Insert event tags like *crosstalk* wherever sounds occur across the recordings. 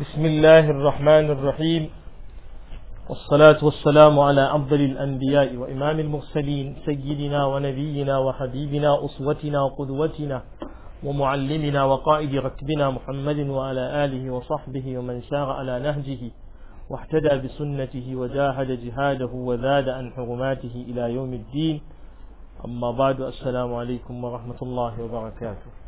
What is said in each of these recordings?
بسم الله الرحمن الرحيم والصلاة والسلام على أفضل الأنبياء وإمام المرسلين سيدنا ونبينا وحبيبنا أسوتنا وقدوتنا ومعلمنا وقائد ركبنا محمد وعلى آله وصحبه ومن سار على نهجه واحتدى بسنته وجاهد جهاده وزاد عن حرماته إلى يوم الدين أما بعد السلام عليكم ورحمة الله وبركاته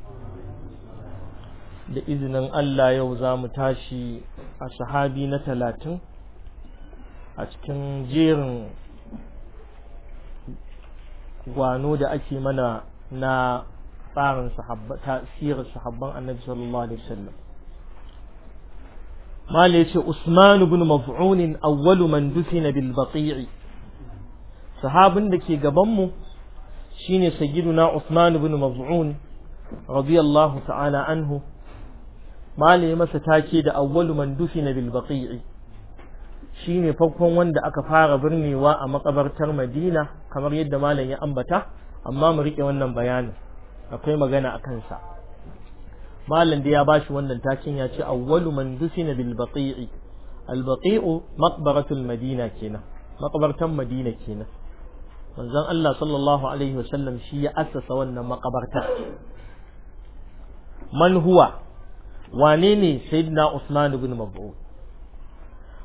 da izinin Allah yau za mu tashi a sahabi na talatin a cikin jerin gwano da ake mana na tsarin tasirin sahabban annabi sallallahu alaihi wasallam mala yace Usman ibn Maf'un awwalu man dufina bil baqi' sahabin da ke gaban mu shine sayyiduna Usman ibn Maf'un radiyallahu ta'ala anhu malami masa take da awwalu man dufina bil baqi'i shine farkon wanda aka fara birnewa a makabartar Madina kamar yadda malam ya ambata amma mu rike wannan bayanin akwai magana a kansa malam da ya bashi wannan takin ya ce awwalu man dufina bil baqi'i al baqi'u maqbaratul madina kenan makabartar Madina kenan manzon Allah sallallahu alaihi wasallam shi ya assasa wannan makabartar man huwa wane ne sayyidina Usman ibn Mab'un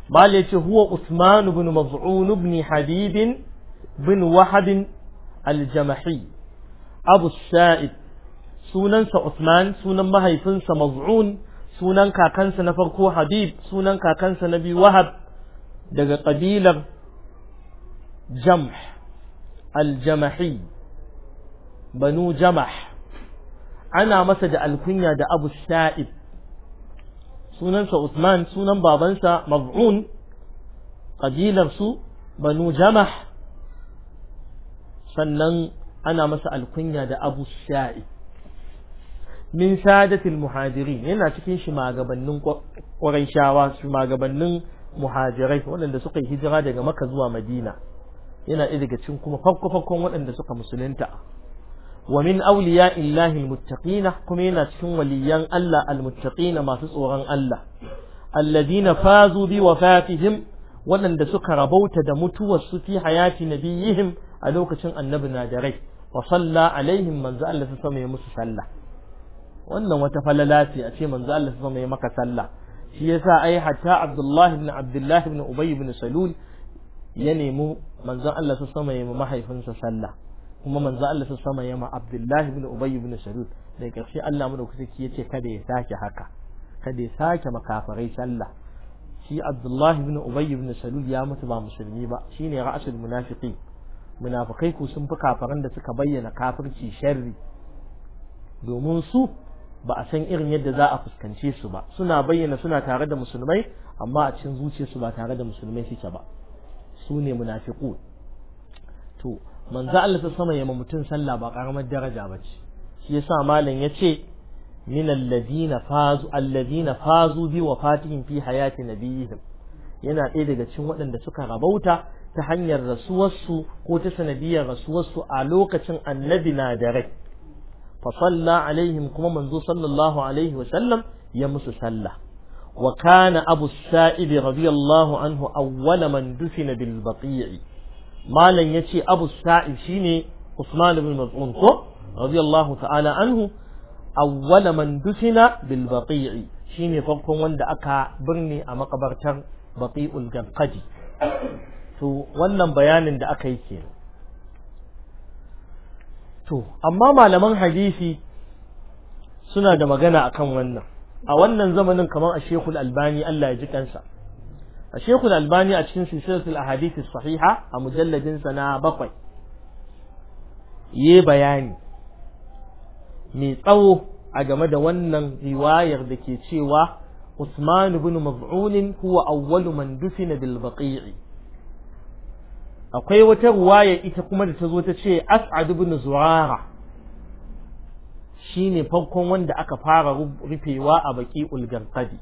mal yace huwa Usman ibn Mab'un ibn Habib bin Wahab al-Jamahi Abu Sa'id sunansa Usman sunan mahaifinsa Mab'un sunan kakansa na farko Habib sunan kakansa na biyu Wahab daga kabilar Jamh al-Jamahi Banu Jamah ana masa da alkunya da Abu Sa'id sunansa Uthman sunan babansa Maz'un kabilar su Banu Jamah sannan ana masa alkunya da Abu Sa'i min sadatil muhajiri yana cikin shi magabannin shawa shi magabannin muhajirai waɗanda suka yi hijira daga maka zuwa Madina yana ɗaya daga cikin kuma farko farkon waɗanda suka musulunta wa min awliya illahi almuttaqina kuma yana cikin waliyan Allah almuttaqina masu tsoron Allah alladhina fazu bi wafatihim waɗanda suka rabauta da mutuwar su fi hayati nabiyihim a lokacin annabi na da rai wa salla alaihim manzo Allah ta sama ya sallah wannan wata falala ce a ce manzo Allah ta sama ya maka sallah shi yasa ai hatta Abdullah ibn Abdullah ibn Ubay ibn Salul ya nemi manzon Allah ta sama ya mahaifinsa sallah kuma manzo Allah sun sama yama Abdullahi ibn Ubay ibn Salul da ƙarshe Allah mu da ki yace kada ya sake haka kada ya sake makafarai sallah shi Abdullahi ibn Ubay ibn Salul ya mutu ba musulmi ba shine ra'asul munafiqin munafikai ku sun fi kafaran da suka bayyana kafirci sharri domin su ba a san irin yadda za a fuskance su ba suna bayyana suna tare da musulmai amma a cikin zuciyarsu ba tare da musulmai suke ba su ne munafiqun to manzo Allah ta sama ya mutum sallah ba karamar daraja ba ce shi yasa malam ya ce min alladhina fazu alladhina fazu bi wafatihim fi hayati nabiyihim yana ɗaya daga cikin waɗanda suka rabauta ta hanyar rasuwarsu ko ta sanadiyar rasuwarsu a lokacin annabi na da rai fa salla alaihim kuma manzo sallallahu alaihi wa sallam ya musu sallah wa kana abu sa'ib radiyallahu anhu awwala man dufina bil baqi'i malam yace abu sa'id shine usman ibn mas'ud ko radiyallahu ta'ala anhu awwala man dufina bil baqi'i shine farkon wanda aka birni a makabartar baqi'ul ganqadi to wannan bayanin da aka yi kenan to amma malaman hadisi suna da magana akan wannan a wannan zamanin kamar a shekul Albani Allah ya ji kansa A a الشيخ الألباني أتكن سلسلة a الصحيحة مجلد سنة bakwai. yi bayani mai tsawo a game da wannan riwayar da ke cewa Usmanu ibn Maz'un huwa awwalu man dufina bil baqi'i akwai wata riwaya ita kuma da ta zo ta ce As'ad ibn Zu'ara shine farkon wanda aka fara rufewa a baqi'ul Garqadi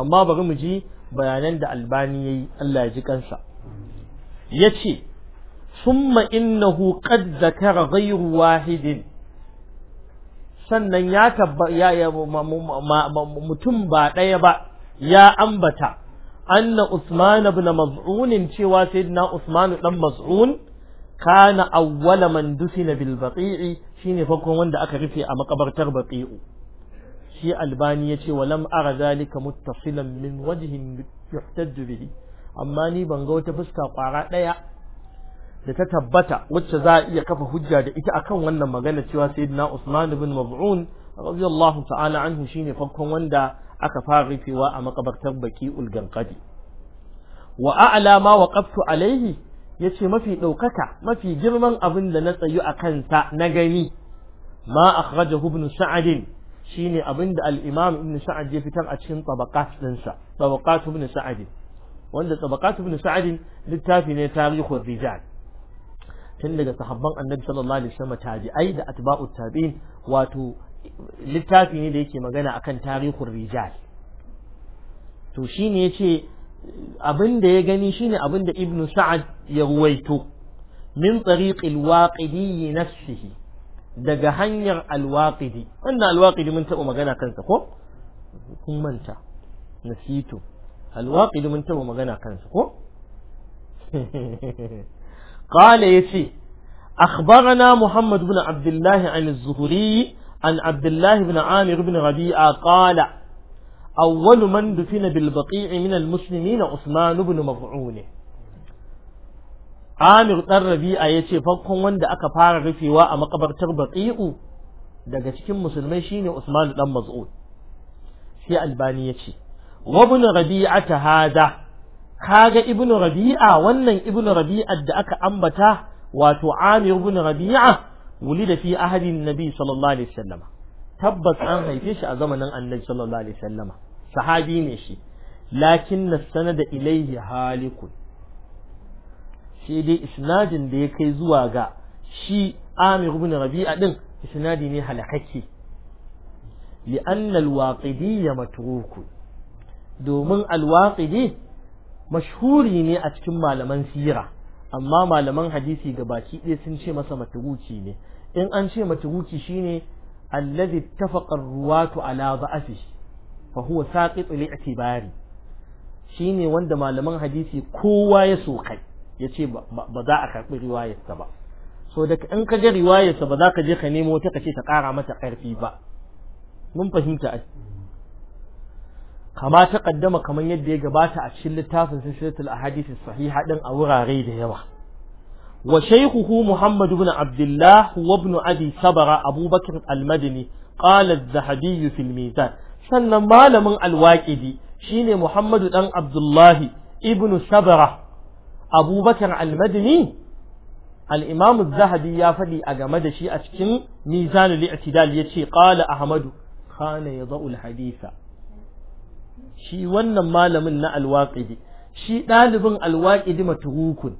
amma bari mu ji bayanan da albani ya yi Allah ya ji kansa yace summa innahu qad zakara ghayru wahidin sannan ya tabba ya mutum ba ɗaya ba ya ambata anna Usman ibn Maz'un cewa sayyidina Usman dan Maz'un kana awwala man dusina bil baqi'i shine farkon wanda aka rufe a makabartar baqi'u sai albani ya ce walam ara zalika muttasilan min wajhin yuhtajju bihi amma ni ban ga wata fuska kwara daya da ta tabbata wacce za a iya kafa hujja da ita akan wannan magana cewa sayyidina Usman ibn Maz'un radiyallahu ta'ala anhu shine farkon wanda aka fara rufewa a makabartar baki ulgankadi. wa a'la ma waqaftu alayhi yace mafi daukaka mafi girman abin da na tsayu akan sa na gani ma akhrajahu ibn Sa'd ne abinda al ibn sa'ad ya fitar a cikin tabaqat dinsa tabaqat ibn sa'ad wanda ibn sa'ad littafi ne tarihu rijal tun daga sahabban annabi sallallahu alaihi wasallam tabi'ai da atba'u tabi'in wato littafi ne da yake magana akan tarihun rijal to shine yace abin ya gani shine abin da ibnu sa'ad ya ruwaito min tariqil waqidi nafsihi daga hanyar alwaqidi wannan alwaqidi mun taɓa magana kansa ko kun manta nasitu alwaqidi mun taɓa magana kansa ko *laughs* qala yace akhbarana muhammad ibn abdullah an az an abdullah ibn amir ibn rabi'a qala awwalu man dufina bil baqi'i min al-muslimin usman ibn Amir ɗan Rabi'a ya ce farkon wanda aka fara rufewa a makabartar Baqi'u daga cikin musulmai shine Usman ɗan Maz'ud. Sai Albani ya ce, "Wa Rabi'a ta hada, kaga ibn Rabi'a wannan ibn Rabi'a da aka ambata wato Amir ibn Rabi'a wulida fi ahadin Nabi sallallahu alaihi wasallam." Tabbas an haife shi a zamanin Annabi sallallahu alaihi wasallam. Sahabi ne shi, lakin sanada ilaihi halikun. sai dai isnadin da ya kai zuwa ga shi amir ibn rabi'a din isnadi ne halakake li'anna waqidi ya matruku domin al-waqidi mashhuri ne a cikin malaman sira amma malaman hadisi ga baki ɗaya sun ce masa matruki ne in an ce matruki shine allazi tafaqa ruwatu ala da'afihi fa huwa saqit li'tibari shine wanda malaman hadisi kowa ya so kai yace ba za a karɓi riwayarsa ba so da in ka je riwayarsa ba za ka je ka nemo ta ce ta kara mata karfi ba mun fahimta a kama ta kaddama kamar yadda ya gabata a cikin littafin sisiratul ahadith sahiha din a wurare da yawa wa shaykhuhu muhammad ibn abdullah wa ibn abi abubakar al-madini qala az-zahabi fi al-mizan sannan malamin al-waqidi shine muhammad dan abdullah ibn sabra abubakar almadini al'imamu zahabi ya faɗi a game da shi a cikin mizanul i'tidal ya ce ƙala ahmadu kana ya za'ul hadisa shi wannan malamin na alwaƙidi shi ɗalibin alwaƙidi maturukun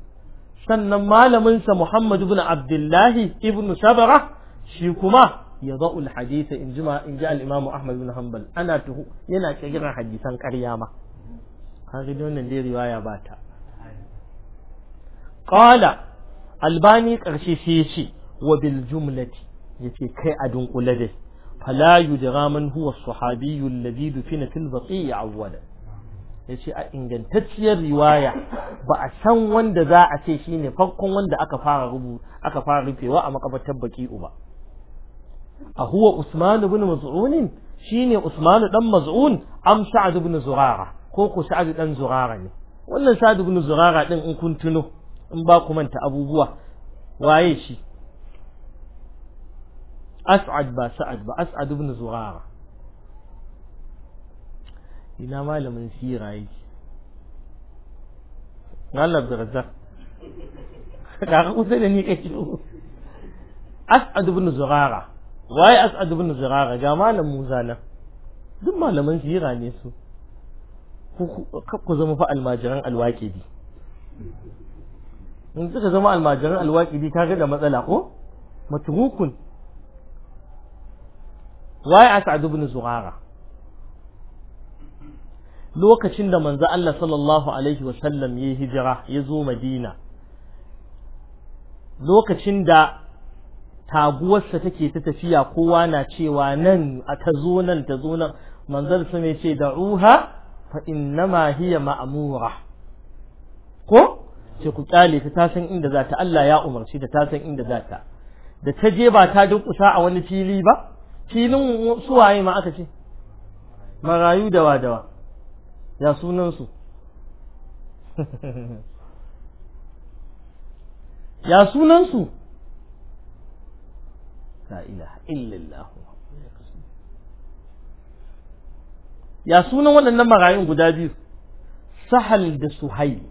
sannan malaminsa muhammadu bin abdullahi ibn sabara shi kuma ya za'ul hadisa in ji al'imamu ahmad bin hanbal ana yana ƙirƙirar hadisan ƙarya ma har wannan dai riwaya bata. qala albani ƙarshe sai ya ce wa bil jumlati yace kai a dunkule dai fala da raman huwa sahabiyyu alladhi dufina fil baqi'i awwala yace a ingantacciyar riwaya ba a san wanda za a ce shine farkon wanda aka fara rubu aka fara rufewa a makabartar baqi'u ba a huwa usman ibn maz'un shine usman dan maz'un am sa'ad ibn zurara ko ku sa'ad dan zurara ne wannan sa'ad ibn zurara din in kun tuno in ba ku manta abubuwa waye shi as'ad ba sa'ad ba as'ad ibn zuhara ina malamin sira yake Allah da razak da ka kusa da ni ci as'ad ibn zuhara waye as'ad ibn zuhara ga malam Musa nan duk malaman sira ne su ku zama fa almajiran alwaqidi in suka zama almajiran alwaƙidi kaga da matsala ko matrukun waye sa'adu bin zuhara lokacin da manzo Allah sallallahu alaihi wa sallam yayi hijira ya zo Madina lokacin da taguwarsa take ta tafiya kowa na cewa nan a ta zo nan ta zo nan manzal su ce da'uha fa innama hiya ma'mura ko ce ku kyale ta ta san inda za ta Allah ya umarci ta ta san inda za ta da ta je ba ta durƙusa a wani fili ba filin su waye ma aka ce marayu dawa dawa ya sunan su *laughs* ya sunan su la ilaha illallah ya sunan waɗannan marayun guda biyu sahal da suhaili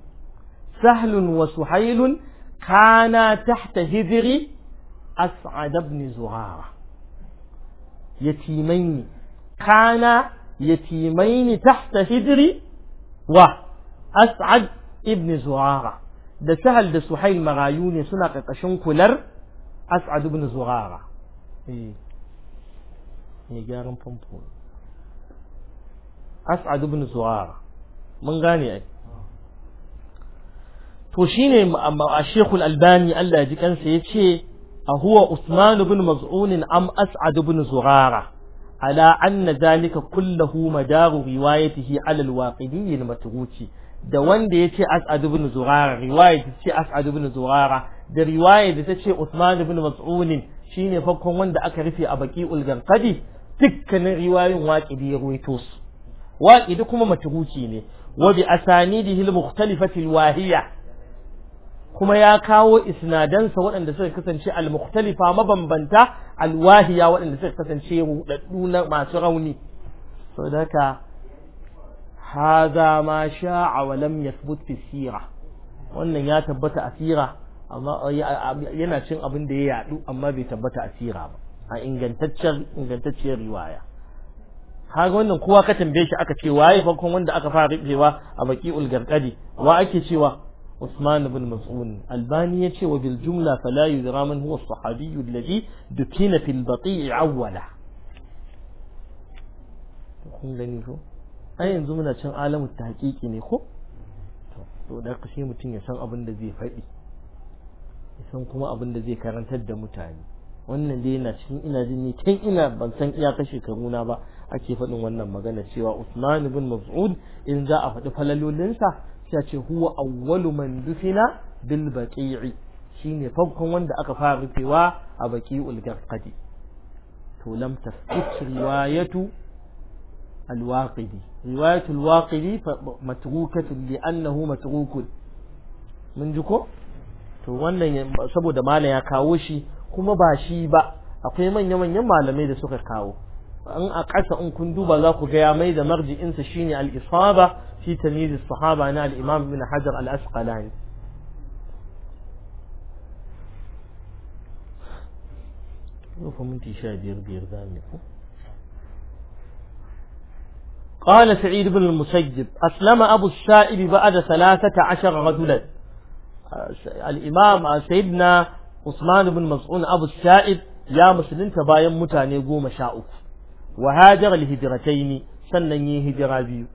سهل وسحيل كانا تحت هذر أسعد بن زرارة يتيمين كانا يتيمين تحت هذر وأسعد ابن زرارة ده سهل ده سحيل مغايوني سنة قشن كولر أسعد بن زرارة إيه. أسعد بن زرارة من غاني أي to shine a Sheikhul Albani Allah ya ji kansa yace a huwa Usman bin Maz'un am As'ad ibn Zurara ala anna zalika kullahu madaru riwayatihi ala al-waqidi da wanda yace As'ad ibn Zurara riwayat ce As'ad ibn Zurara da riwaya da tace Usman bin Maz'un shine farkon wanda aka rufe a baqi'ul garqadi dukkanin riwayoyin waqidi ya ruwaito su waqidi kuma matruki ne wa bi asanidihi mukhtalifati al-wahiya kuma ya kawo isnadansa waɗanda suka kasance al-mukhtalifa mabambanta al-wahiya waɗanda suka kasance hudaddu na masu rauni Sadaka. haka hadha ma sha'a wa lam yathbut fi wannan ya tabbata a sira amma yana cin abin da ya yadu amma bai tabbata a sira ba a ingantaccen ingantacciyar riwaya kaga wannan kowa ka tambaye shi aka ce waye farkon wanda aka fara rubewa a baki ulgarqadi wa ake cewa Usman ibn Mas'un Albani yace wa bil jumla fala yudra man huwa as-sahabi alladhi dukina fil bati'i awwala kun gani ko ai yanzu muna cin alamu tahqiqi ne ko to da kashe mutum ya san abin da zai faɗi ya san kuma abin da zai karantar da mutane wannan dai yana cikin ina jin ni tun ina ban san iyakar shekaruna ba ake faɗin wannan magana cewa Usman ibn Mas'ud in za a faɗi falalolinsa sai ce huwa awwalu man dufina bil baqi'i shine farkon wanda aka fara rufewa a baqi'ul garqadi to lam tasbut riwayatu الواقدي matrukatu الواقدي annahu matrukun mun ji ko to wannan saboda malam ya kawo shi kuma ba shi ba akwai manya-manyan malamai da suka kawo an a ƙasa in kun duba za ku ga ya mai da marji'insa shi ne al’isaba shi ta ne قال سعيد بن المسجد أسلم أبو السائب بعد ثلاثة عشر رجلا الإمام سيدنا عثمان بن مسعود أبو السائب يا مسلم تبايا متاني قوم شاؤك wa hajara al sannan yi hijira biyu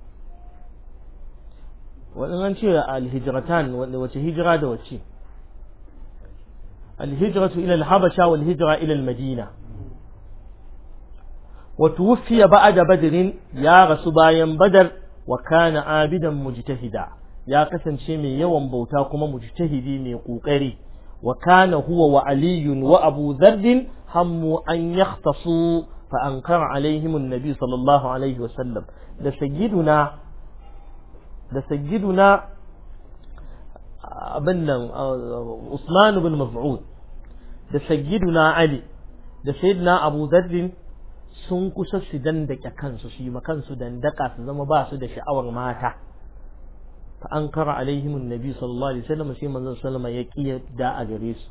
wadannan ce al wace hijira da wace al-hijratu habasha wal hijra ilal madina wa tuwfiya ba'da badr ya rasu bayan badar wa kana abidan mujtahida ya kasance mai yawan bauta kuma mujtahidi mai kokari wa kana huwa wa aliyun wa abu dharr hammu an yahtasu fa ankara alaihim annabi sallallahu alaihi wasallam da sayyiduna da sayyiduna abin nan Usman ibn Mas'ud da sayyiduna Ali da Abu sun kusa su dandake kansu su yi ma kansu dandaka su zama ba su da sha'awar mata fa ankara alaihim annabi sallallahu alaihi wasallam sai manzon sallama ya kiyar da a gare su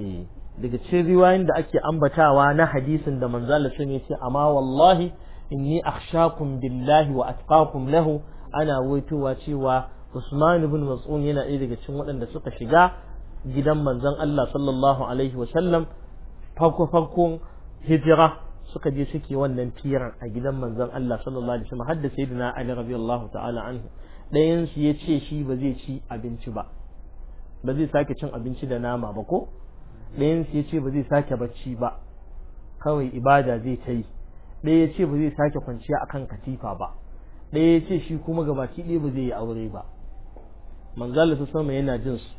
eh. daga ce riwayoyin da ake ambatawa na hadisin da manzo Allah sun yace amma wallahi inni akhshakum billahi wa atqakum lahu ana waitowa cewa Usman ibn Mas'un yana ɗaya daga cikin waɗanda suka shiga gidan manzon Allah sallallahu alaihi wa sallam farko farkon hijira suka je suke wannan firar a gidan manzon Allah sallallahu alaihi wa sallam Hadda sayyidina Ali radiyallahu ta'ala anhu ɗayan su yace shi ba zai ci abinci ba ba zai sake cin abinci da nama ba ko ɗayan su yace ba zai sake bacci ba kawai ibada zai ta yi ɗaya yace ba zai sake kwanciya akan katifa ba ɗaya yace shi kuma gabaki ɗaya ba zai yi aure ba manzo Allah sama yana jin su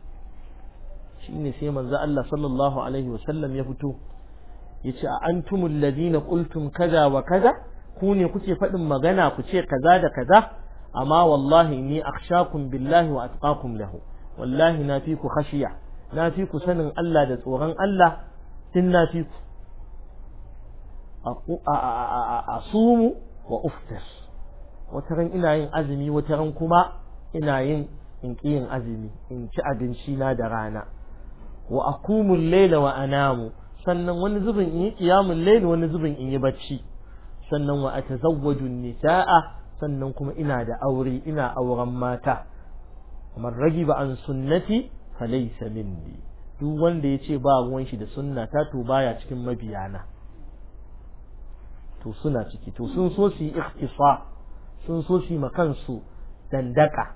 shine sai manza Allah sallallahu alaihi wasallam ya fito yace a antumul ladina qultum kaza wa kaza ku ne kuke faɗin magana ku ce kaza da kaza amma wallahi ni akhshakum billahi wa atqakum lahu wallahi na fi ku khashiya na fi ku sanin Allah da tsoron Allah tun na fi ku a sumu wa uftar wata ran ina yin azumi wata ran kuma ina yin in ƙi yin azumi in ci abinci na da rana wa akumul laila wa anamu sannan wani zubin in yi qiyamul layl wani zubin in yi bacci sannan wa atazawwaju nisaa sannan kuma ina da aure ina auren mata man ragiba an sunnati falaysa minni duk wanda yace ba ruwan shi da sunna ta to baya cikin mabiyana to suna ciki to sun so su yi ikhtisa sun so su yi makansu dandaka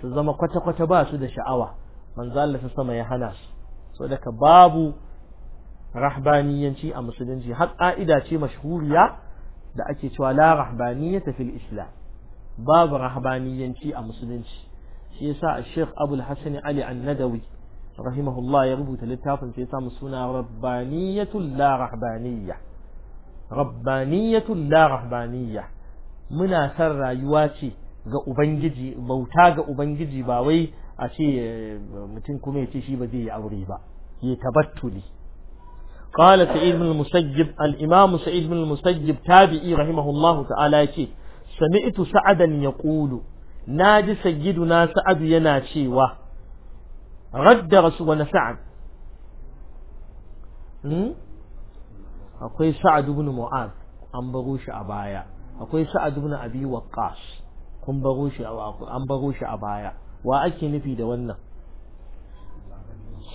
su zama kwata-kwata ba su da sha'awa manzo Allah sa sama ya hana su so daga babu rahbaniyanci a musulunci har ka'ida ce mashhuriya da ake cewa la rahbaniyata fil islam babu rahbaniyanci a musulunci shi yasa Sheikh Abu Hassan Ali An-Nadawi rahimahullah ya rubuta littafin shi yasa musuna Rabbaniyatul la rahbaniyya Rabbaniyatul la rahbaniyya muna san rayuwa ce ga ubangiji bauta ga ubangiji ba wai a ce mutum kuma ya ce shi ba zai yi aure ba ya tabattuli قال سعيد بن المسجب الإمام سعيد بن المسجب تابعي رحمه الله تعالى يقول سمعت سعدا يقول na ji na sa'adu yana cewa radda rasu wani sa'ad hmm? akwai sa'ad ibn Mu'ad an baro shi a baya akwai sa'ad ibn abi waqqas kun baro shi an baro shi a baya wa ake nufi da wannan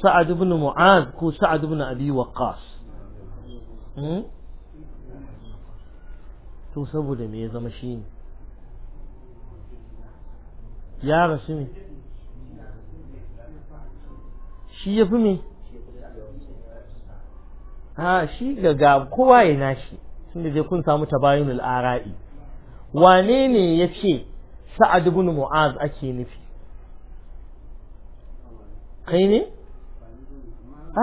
sa'ad ibn Mu'ad ko sa'ad ibn abi waqqas hmm? to saboda me ya zama shine ya rasu ne shi ya fi me ha shi ga ga kowa ya nashi sun da je kun samu tabayunul ara'i wane ne ya ce sa'ad ibn mu'az ake nufi kai ne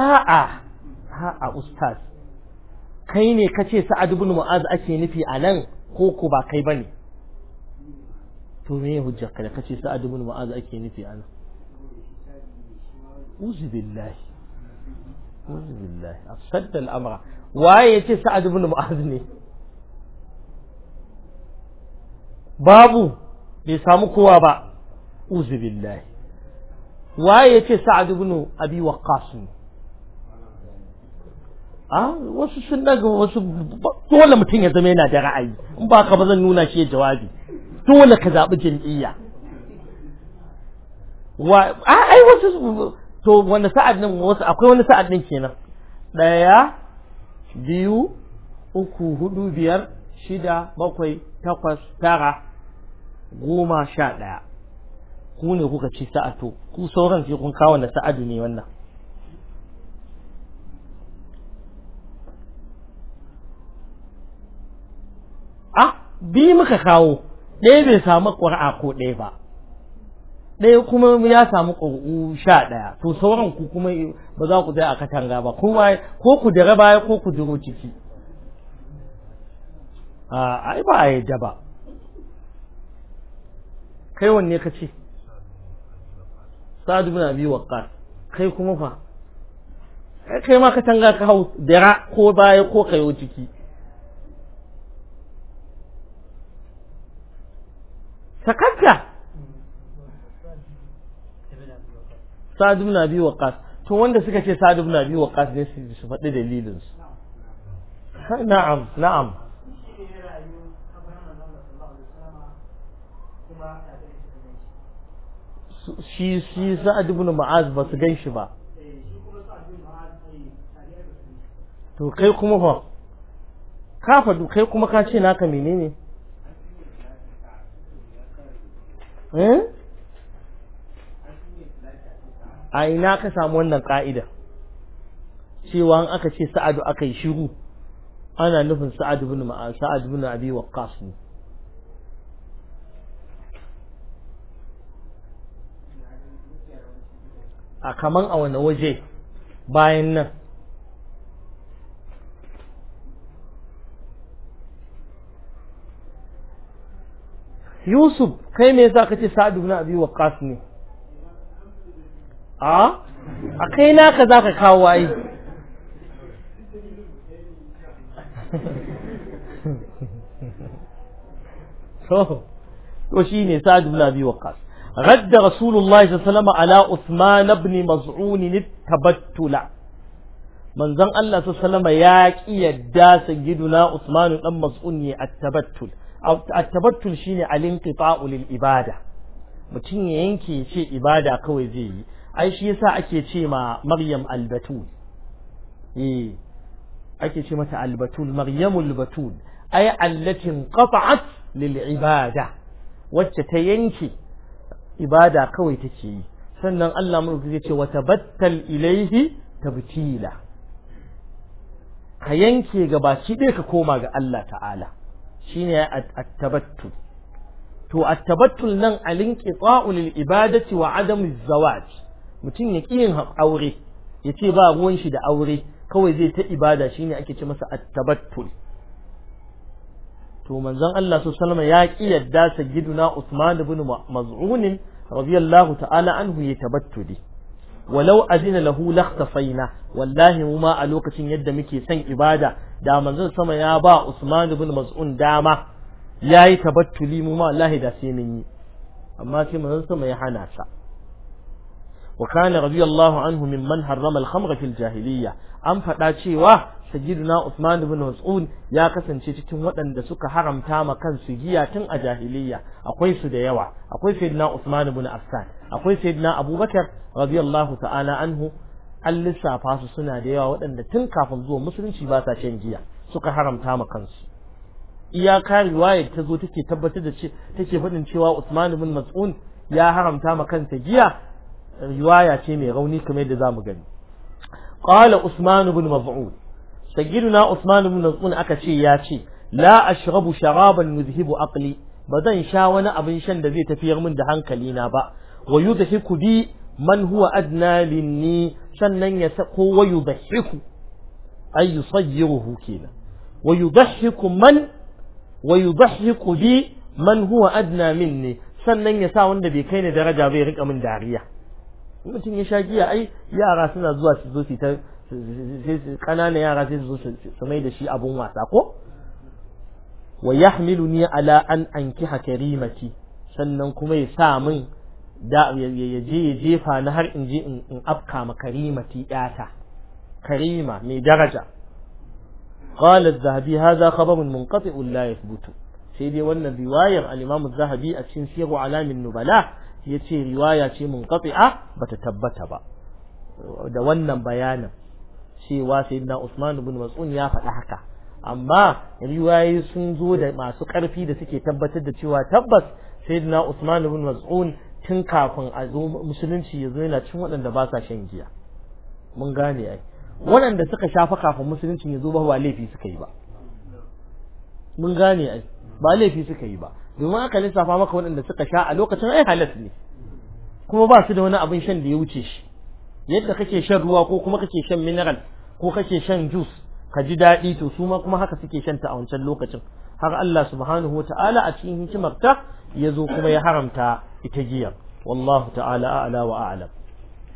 a'a a'a ustaz kai ne kace sa'ad ibn mu'az ake nufi a nan ko ko ba kai bane to me hujjarka da kace sa'ad ibn mu'az ake nufi ana uzu billahi uzu billahi afsadda al'amra waye yace sa'ad ibn mu'az ne babu bai samu kowa ba uzu billahi waye yace sa'ad ibn abi waqqas ne a wasu sun daga wasu dole mutum ya zama yana da ra'ayi in ba ka ba zan nuna shi jawabi dole ka zaɓi jam'iyya wa ai wasu to wanda sa'ad nan wasu akwai wani sa'ad nan kenan ɗaya biyu uku hudu biyar shida bakwai takwas tara goma sha ɗaya ku ne kuka ci sa'ato ku sauran sai kun kawo na sa'adu ne wannan A bi muka kawo ɗaya bai samu ƙwar'a ko ɗaya ba ɗaya kuma ya samu ƙuri'u sha ɗaya to sauran ku kuma ba za ku zai a katanga ba kuma ko ku dare baya ko ku duro ciki a ai ba a yadda ba kai wanne ka ce sa'adu muna biyu waqqas kai kuma fa kai ma katanga ka hau dara ko baya ko kayo ciki sakacca sadu na biyu waqas to wanda suka ce sadu na biyu waqas ne su faɗi dalilin su na'am na'am shi shi a ibn Ma'az ba su gan shi ba to kai kuma fa Kafa kai kuma ka ce naka menene Eh? a ina ka samu wannan ka'ida cewa an aka ce sa'adu aka yi shiru ana nufin sa'adu bin ma'a sa'adu bin abi ne a kaman a wani waje bayan nan yusuf kai me yasa kace sa'ad ibn abi waqqas ne a a kai ka zaka kawo ai so to shine sa'ad ibn abi waqqas رد رسول الله صلى الله عليه وسلم على عثمان بن مزعون التبتل من زن الله صلى الله عليه وسلم giduna يدا سيدنا عثمان بن مزعون التبتل at-tabattul shine al-inqita'u lil ibada mutum ya yanke ce ibada kawai zai yi ai shi yasa ake ce ma Maryam al-Batul eh ake ce mata al-Batul Maryamul Batul ai allatin qata'at lil ibada wacce ta yanke ibada kawai take yi sannan Allah mulki zai ce wa tabattal ilaihi tabtila ka yanke baki ɗaya ka koma ga Allah ta'ala shine at-tabattu to at nan a inqitau lil ibadati wa adam zawaj mutum ya yin aure yace ba ruwan shi da aure kawai zai ta ibada shine ake ce masa at to manzon Allah sallallahu alaihi ya ki yadda sayyiduna Uthman ibn Maz'un radiyallahu ta'ala anhu ya tabattuli walau azina lahu lakhtafaina wallahi mu ma a lokacin yadda muke son ibada da manzon sama ya ba Usman ibn Mas'un dama yayi tabattuli mu ma wallahi da sai mun yi amma sai manzon sama ya hana sa wa kana radiyallahu anhu mimman harrama al-khamra fil jahiliyya an faɗa cewa sayyiduna Usman ibn Mas'un ya kasance cikin waɗanda suka haramta ma kansu giya tun a jahiliyya akwai su da yawa akwai sayyiduna Usman ibn Affan akwai sayyiduna Abubakar radiyallahu ta'ala anhu an lissafa su suna da yawa waɗanda tun kafin zuwa musulunci ba sa shan giya suka haramta ma kansu iyaka riwaya ta zo take tabbatar da ce take faɗin cewa Usman ibn Mas'un ya haramta ma kansa giya riwaya ce mai rauni kamar yadda zamu gani qala Usman ibn Mas'un sayyiduna Usman ibn Mas'un aka ce ya ce la ashrabu sharaban yuzhibu aqli ba zan sha wani abin shan da zai tafiyar min da hankali na ba wa yudhiku bi man huwa adna minni sannan ya sako wa yudhiku ay yusayyiruhu kila wa yudhiku man wa bi man huwa adna minni sannan ya sa wanda bai kai ni daraja bai rika min dariya mutum ya sha giya ai yara suna zuwa su zo su ta yara sai su zo su mai da shi abun wasa ko wa yahmiluni ala an ankiha karimati sannan kuma ya sa min da ya je ya jefa na har in je in afka ma karima ti yata karima mai daraja qala az-zahabi hadha khabarun munqati'un la yathbutu sai dai wannan riwayar al-imam az-zahabi a cikin sirru alamin nubala yace riwaya ce munqati'a bata tabbata ba da wannan bayanin cewa sayyidina Usman ibn Mas'un ya faɗa haka amma riwayoyi sun zo da masu ƙarfi da suke tabbatar da cewa tabbas sayyidina Usman ibn Mas'un tun kafin a zo musulunci ya zo yana cin waɗanda ba sa shan giya mun gane ai waɗanda suka shafa kafin musulunci ya zo ba ba laifi suka yi ba mun gane ai ba laifi suka yi ba domin aka lissafa maka waɗanda suka sha a lokacin ai halas ne kuma ba su da wani abin shan da ya wuce shi yadda kake shan ruwa ko kuma kake shan mineral ko kake shan juice ka ji daɗi to su ma kuma haka suke shan ta a wancan lokacin har Allah subhanahu wata'ala a cikin hikimarta ya zo kuma ya haramta ita giyar wallahu ta'ala a'la wa a'lam